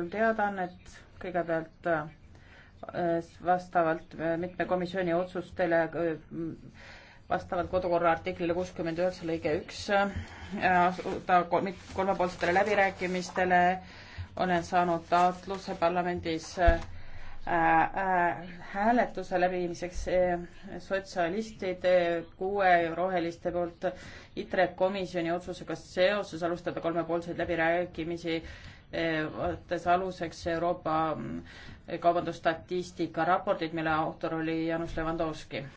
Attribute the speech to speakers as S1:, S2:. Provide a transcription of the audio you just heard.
S1: kolm teadaannet, kõigepealt äh, vastavalt äh, mitme komisjoni otsustele, äh, vastavalt kodukorra artiklile kuuskümmend üheksa lõige üks asuda kolmepoolsetele läbirääkimistele, olen saanud taotluse parlamendis hääletuse läbiviimiseks sotsialistide kuue roheliste poolt ITRE komisjoni otsusega seoses alustada kolmepoolseid läbirääkimisi võttes aluseks Euroopa kaubandusstatistika raportit, mille autor oli
S2: Janus Levandovski.